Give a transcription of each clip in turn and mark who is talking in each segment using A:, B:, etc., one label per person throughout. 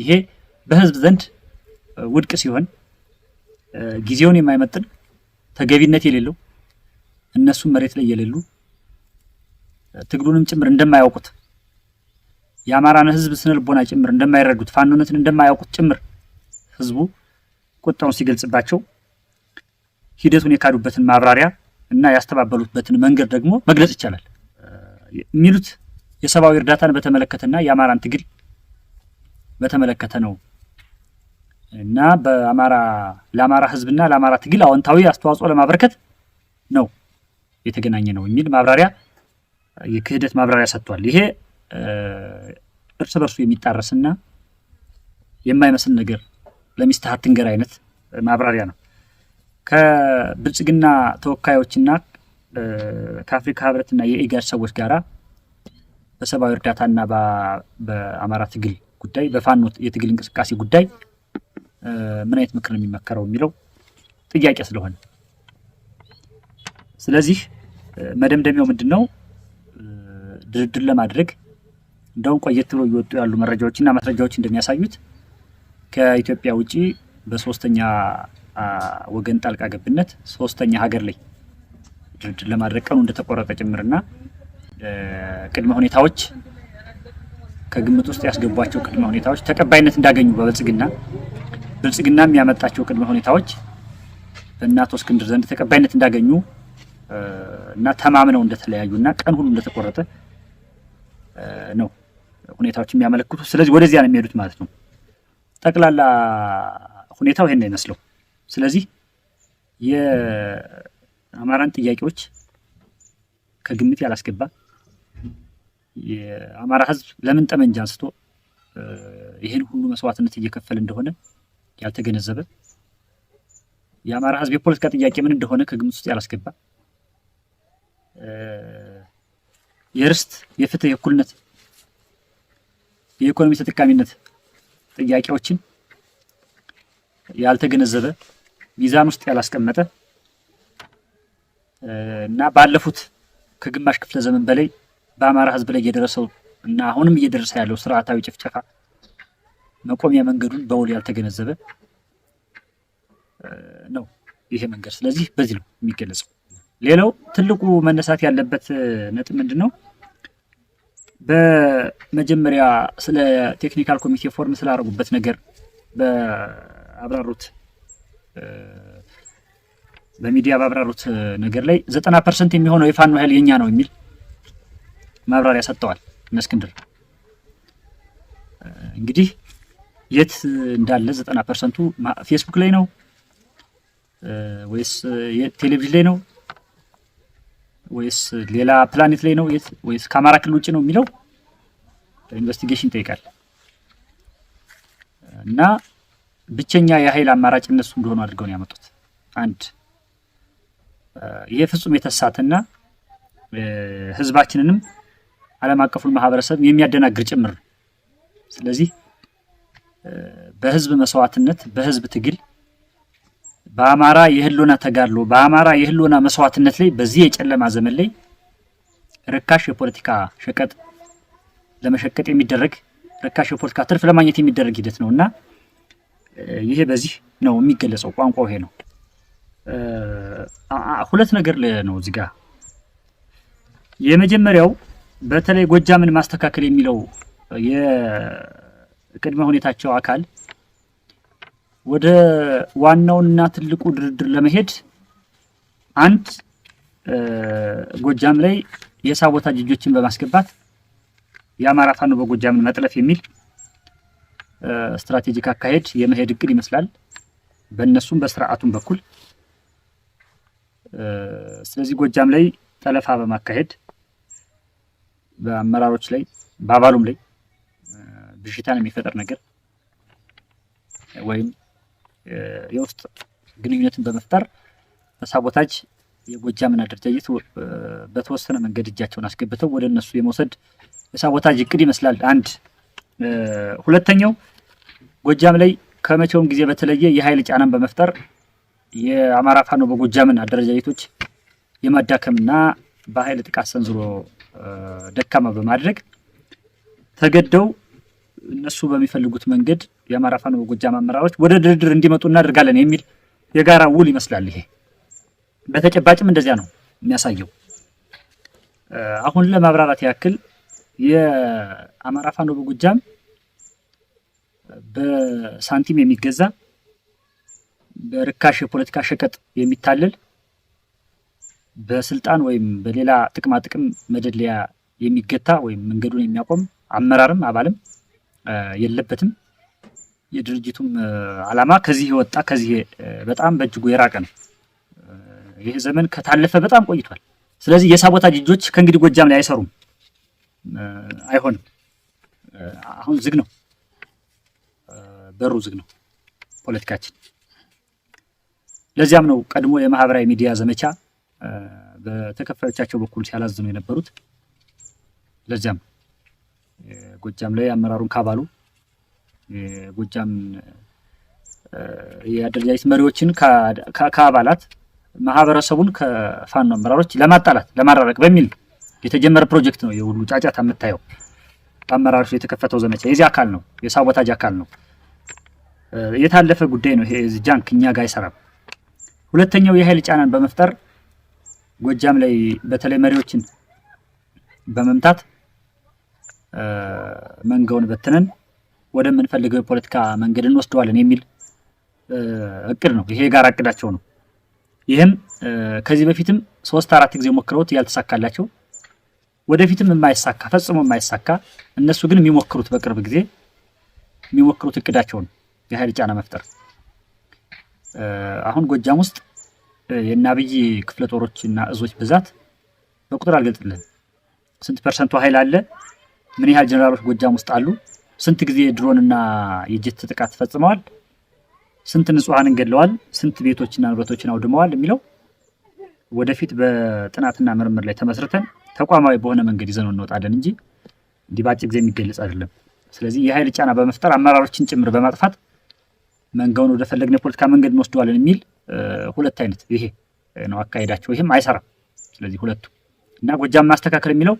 A: ይሄ በህዝብ ዘንድ ውድቅ ሲሆን ጊዜውን የማይመጥን ተገቢነት የሌለው እነሱም መሬት ላይ የሌሉ ትግሉንም ጭምር እንደማያውቁት የአማራን ህዝብ ስነ ልቦና ጭምር እንደማይረዱት ፋኖነትን እንደማያውቁት ጭምር ህዝቡ ቁጣውን ሲገልጽባቸው ሂደቱን የካዱበትን ማብራሪያ እና ያስተባበሉበትን መንገድ ደግሞ መግለጽ ይቻላል። የሚሉት የሰብአዊ እርዳታን በተመለከተና የአማራን ትግል በተመለከተ ነው እና በአማራ ለአማራ ህዝብና ለአማራ ትግል አዎንታዊ አስተዋጽኦ ለማበረከት ነው የተገናኘ ነው የሚል ማብራሪያ የክህደት ማብራሪያ ሰጥቷል። ይሄ እርስ በርሱ የሚጣረስና የማይመስል ነገር ለሚስተሀት ትንገር አይነት ማብራሪያ ነው። ከብልጽግና ተወካዮችና ከአፍሪካ ህብረትና የኢጋድ ሰዎች ጋራ በሰብአዊ እርዳታና በአማራ ትግል ጉዳይ በፋኖ የትግል እንቅስቃሴ ጉዳይ ምን አይነት ምክር ነው የሚመከረው የሚለው ጥያቄ ስለሆነ ስለዚህ መደምደሚያው ምንድን ነው? ድርድር ለማድረግ እንደውም ቆየት ብሎ እየወጡ ያሉ መረጃዎችና ማስረጃዎች እንደሚያሳዩት ከኢትዮጵያ ውጭ በሶስተኛ ወገን ጣልቃ ገብነት ሶስተኛ ሀገር ላይ ድርድር ለማድረግ ቀኑ እንደተቆረጠ ጭምርና ቅድመ ሁኔታዎች ከግምት ውስጥ ያስገቧቸው ቅድመ ሁኔታዎች ተቀባይነት እንዳገኙ በብልጽግና ብልጽግና የሚያመጣቸው ቅድመ ሁኔታዎች በእነ አቶ እስክንድር ዘንድ ተቀባይነት እንዳገኙ እና ተማምነው እንደተለያዩ እና ቀን ሁሉ እንደተቆረጠ ነው ሁኔታዎች የሚያመለክቱ። ስለዚህ ወደዚያ ነው የሚሄዱት ማለት ነው። ጠቅላላ ሁኔታው ይሄን ነው ይመስለው። ስለዚህ የአማራን ጥያቄዎች ከግምት ያላስገባ የአማራ ህዝብ ለምን ጠመንጃ አንስቶ ይህን ሁሉ መስዋዕትነት እየከፈለ እንደሆነ ያልተገነዘበ የአማራ ህዝብ የፖለቲካ ጥያቄ ምን እንደሆነ ከግምት ውስጥ ያላስገባ የርስት፣ የፍትህ፣ የእኩልነት፣ የኢኮኖሚ ተጠቃሚነት ጥያቄዎችን ያልተገነዘበ ሚዛን ውስጥ ያላስቀመጠ እና ባለፉት ከግማሽ ክፍለ ዘመን በላይ በአማራ ህዝብ ላይ እየደረሰው እና አሁንም እየደረሰ ያለው ስርዓታዊ ጭፍጨፋ መቆሚያ መንገዱን በውል ያልተገነዘበ ነው ይሄ መንገድ። ስለዚህ በዚህ ነው የሚገለጸው። ሌላው ትልቁ መነሳት ያለበት ነጥብ ምንድን ነው? በመጀመሪያ ስለ ቴክኒካል ኮሚቴ ፎርም ስላደረጉበት ነገር በአብራሩት በሚዲያ ባብራሩት ነገር ላይ ዘጠና ፐርሰንት የሚሆነው የፋኖ ኃይል የኛ ነው የሚል ማብራሪያ ሰጥተዋል እነ እንግዲህ የት እንዳለ ዘጠና ፐርሰንቱ ፌስቡክ ላይ ነው ወይስ ቴሌቪዥን ላይ ነው ወይስ ሌላ ፕላኔት ላይ ነው ወይስ ከአማራ ክልል ውጭ ነው የሚለው ኢንቨስቲጌሽን ይጠይቃል። እና ብቸኛ የኃይል አማራጭ እነሱ እንደሆኑ አድርገው ነው ያመጡት። አንድ ይሄ ፍጹም የተሳተና ህዝባችንንም ዓለም አቀፉን ማህበረሰብ የሚያደናግር ጭምር ነው። ስለዚህ በህዝብ መስዋዕትነት፣ በህዝብ ትግል፣ በአማራ የህልውና ተጋድሎ፣ በአማራ የህልውና መስዋዕትነት ላይ በዚህ የጨለማ ዘመን ላይ ርካሽ የፖለቲካ ሸቀጥ ለመሸቀጥ የሚደረግ ርካሽ የፖለቲካ ትርፍ ለማግኘት የሚደረግ ሂደት ነው እና ይሄ በዚህ ነው የሚገለጸው። ቋንቋው ይሄ ነው። ሁለት ነገር ነው እዚህ የመጀመሪያው በተለይ ጎጃምን ማስተካከል የሚለው የቅድመ ሁኔታቸው አካል ወደ ዋናውና ትልቁ ድርድር ለመሄድ አንድ ጎጃም ላይ የሳቦታጅ እጆችን በማስገባት የአማራ ፋኖ በጎጃምን መጥለፍ የሚል ስትራቴጂክ አካሄድ የመሄድ እቅድ ይመስላል በእነሱም በስርዓቱም በኩል። ስለዚህ ጎጃም ላይ ጠለፋ በማካሄድ በአመራሮች ላይ በአባሉም ላይ ብዥታን የሚፈጠር ነገር ወይም የውስጥ ግንኙነትን በመፍጠር በሳቦታጅ የጎጃምን አደረጃጀት በተወሰነ መንገድ እጃቸውን አስገብተው ወደ እነሱ የመውሰድ የሳቦታጅ እቅድ ይመስላል። አንድ ሁለተኛው ጎጃም ላይ ከመቼውም ጊዜ በተለየ የኃይል ጫናን በመፍጠር የአማራ ፋኖ በጎጃምን አደረጃጀቶች የማዳከምና በኃይል ጥቃት ሰንዝሮ ደካማ በማድረግ ተገደው እነሱ በሚፈልጉት መንገድ የአማራ ፋኖ በጎጃም አመራሮች ወደ ድርድር እንዲመጡ እናደርጋለን የሚል የጋራ ውል ይመስላል። ይሄ በተጨባጭም እንደዚያ ነው የሚያሳየው። አሁን ለማብራራት ያክል የአማራ ፋኖ በጎጃም በሳንቲም የሚገዛ በርካሽ የፖለቲካ ሸቀጥ የሚታለል በስልጣን ወይም በሌላ ጥቅማ ጥቅም መደለያ የሚገታ ወይም መንገዱን የሚያቆም አመራርም አባልም የለበትም። የድርጅቱም ዓላማ ከዚህ የወጣ ከዚህ በጣም በእጅጉ የራቀ ነው። ይህ ዘመን ከታለፈ በጣም ቆይቷል። ስለዚህ የሳቦታጅ እጆች ከእንግዲህ ጎጃም ላይ አይሰሩም፣ አይሆንም። አሁን ዝግ ነው፣ በሩ ዝግ ነው ፖለቲካችን። ለዚያም ነው ቀድሞ የማህበራዊ ሚዲያ ዘመቻ በተከፋዮቻቸው በኩል ሲያላዝኑ የነበሩት። ለዚያም ጎጃም ላይ አመራሩን ካባሉ ጎጃም የአደረጃጀት መሪዎችን ከአባላት ማህበረሰቡን ከፋኖ አመራሮች ለማጣላት ለማራረቅ በሚል የተጀመረ ፕሮጀክት ነው። የሁሉ ጫጫታ የምታየው በአመራሮች የተከፈተው ዘመቻ የዚህ አካል ነው፣ የሳቦታጅ አካል ነው። የታለፈ ጉዳይ ነው። ይሄ ጃንክ እኛ ጋር አይሰራም። ሁለተኛው የኃይል ጫናን በመፍጠር ጎጃም ላይ በተለይ መሪዎችን በመምታት መንገውን በትነን ወደምንፈልገው የፖለቲካ መንገድ እንወስደዋለን የሚል እቅድ ነው። ይሄ የጋራ እቅዳቸው ነው። ይህም ከዚህ በፊትም ሶስት አራት ጊዜ ሞክረውት ያልተሳካላቸው ወደፊትም የማይሳካ ፈጽሞ የማይሳካ እነሱ ግን የሚሞክሩት በቅርብ ጊዜ የሚሞክሩት እቅዳቸው ነው። የኃይል ጫና መፍጠር አሁን ጎጃም ውስጥ የእነ አብይ ክፍለ ጦሮች እና እዞች ብዛት በቁጥር አልገልጥልን። ስንት ፐርሰንቱ ኃይል አለ? ምን ያህል ጀኔራሎች ጎጃም ውስጥ አሉ? ስንት ጊዜ ድሮንና የጀት ጥቃት ፈጽመዋል? ስንት ንጹሐንን ገድለዋል? ስንት ቤቶችና ንብረቶችን አውድመዋል? የሚለው ወደፊት በጥናትና ምርምር ላይ ተመስርተን ተቋማዊ በሆነ መንገድ ይዘን እንወጣለን እንጂ እንዲህ በአጭር ጊዜ የሚገለጽ አይደለም። ስለዚህ የኃይል ጫና በመፍጠር አመራሮችን ጭምር በማጥፋት መንገውን ወደፈለግን የፖለቲካ መንገድ እንወስደዋለን የሚል ሁለት አይነት ይሄ ነው አካሄዳቸው። ይህም አይሰራም። ስለዚህ ሁለቱ እና ጎጃም ማስተካከል የሚለው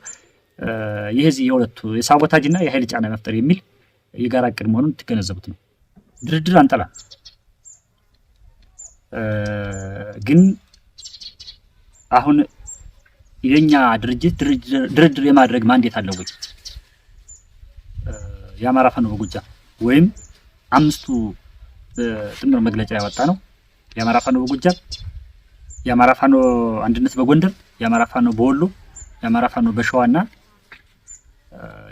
A: ይህዚህ የሁለቱ የሳቦታጅ እና የኃይል ጫና መፍጠር የሚል የጋራ እቅድ መሆኑን ትገነዘቡት ነው። ድርድር አንጠላ ግን አሁን የኛ ድርጅት ድርድር የማድረግ ማንዴት አለው ወይ? የአማራ ፋኖ በጎጃም ወይም አምስቱ ጥምር መግለጫ ያወጣ ነው የአማራ ፋኖ በጎጃም፣ የአማራ ፋኖ አንድነት በጎንደር፣ የአማራ ፋኖ በወሎ፣ የአማራ ፋኖ በሸዋና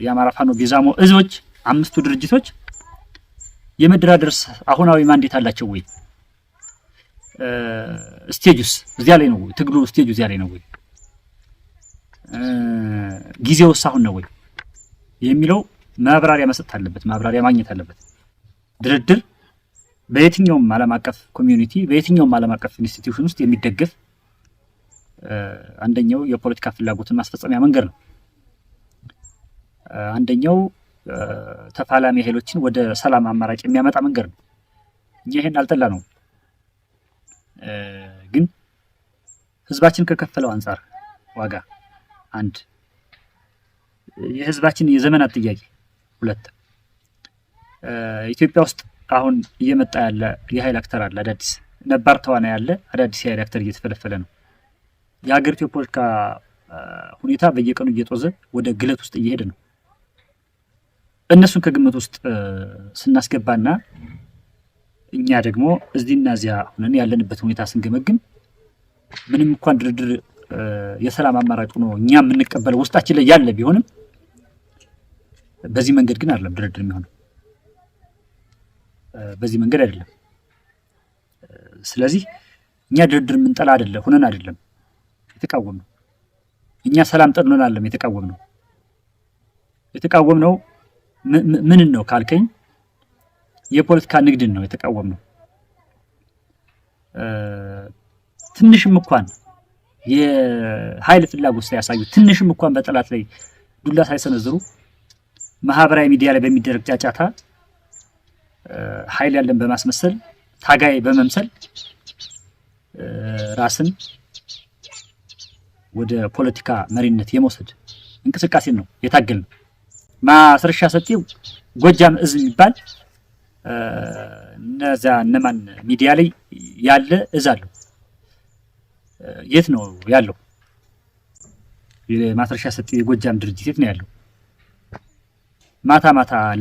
A: የአማራ ፋኖ ቢዛሞ እዞች አምስቱ ድርጅቶች የመደራደርስ አሁናዊ ማንዴት አላቸው ወይ? ስቴጁስ እዚያ ላይ ነው ትግሉ ስቴጁ እዚያ ላይ ነው ወይ? ጊዜውስ አሁን ነው ወይ የሚለው ማብራሪያ መስጠት አለበት። ማብራሪያ ማግኘት አለበት። ድርድር በየትኛውም ዓለም አቀፍ ኮሚዩኒቲ በየትኛውም ዓለም አቀፍ ኢንስቲትዩሽን ውስጥ የሚደገፍ አንደኛው የፖለቲካ ፍላጎትን ማስፈጸሚያ መንገድ ነው። አንደኛው ተፋላሚ ኃይሎችን ወደ ሰላም አማራጭ የሚያመጣ መንገድ ነው። እኛ ይሄን አልጠላ ነው። ግን ህዝባችን ከከፈለው አንጻር ዋጋ አንድ የህዝባችን የዘመናት ጥያቄ ሁለት ኢትዮጵያ ውስጥ አሁን እየመጣ ያለ የሀይል አክተር አለ አዳዲስ ነባር ተዋና ያለ አዳዲስ የሀይል አክተር እየተፈለፈለ ነው። የሀገሪቱ የፖለቲካ ሁኔታ በየቀኑ እየጦዘ ወደ ግለት ውስጥ እየሄደ ነው። እነሱን ከግምት ውስጥ ስናስገባና እኛ ደግሞ እዚህና እዚያ ሆነን ያለንበት ሁኔታ ስንገመግም ምንም እንኳን ድርድር የሰላም አማራጭ ሆኖ እኛ የምንቀበለው ውስጣችን ላይ ያለ ቢሆንም በዚህ መንገድ ግን አይደለም ድርድር የሚሆነው። በዚህ መንገድ አይደለም። ስለዚህ እኛ ድርድር የምንጠላ አደለ ሁነን አይደለም የተቃወምነው። እኛ ሰላም ጠልኖን አለም የተቃወምነው የተቃወምነው ምንን ነው ካልከኝ የፖለቲካ ንግድን ነው የተቃወምነው። ትንሽም እንኳን የኃይል ፍላጎት ሳያሳዩ ትንሽም እንኳን በጠላት ላይ ዱላ ሳይሰነዝሩ ማህበራዊ ሚዲያ ላይ በሚደረግ ጫጫታ ኃይል ያለን በማስመሰል ታጋይ በመምሰል ራስን ወደ ፖለቲካ መሪነት የመውሰድ እንቅስቃሴን ነው የታገል ነው። ማስረሻ ሰጤው ጎጃም እዝ የሚባል እነዛ እነማን ሚዲያ ላይ ያለ እዝ አለው። የት ነው ያለው? ማስረሻ ሰጤ የጎጃም ድርጅት የት ነው ያለው? ማታ ማታ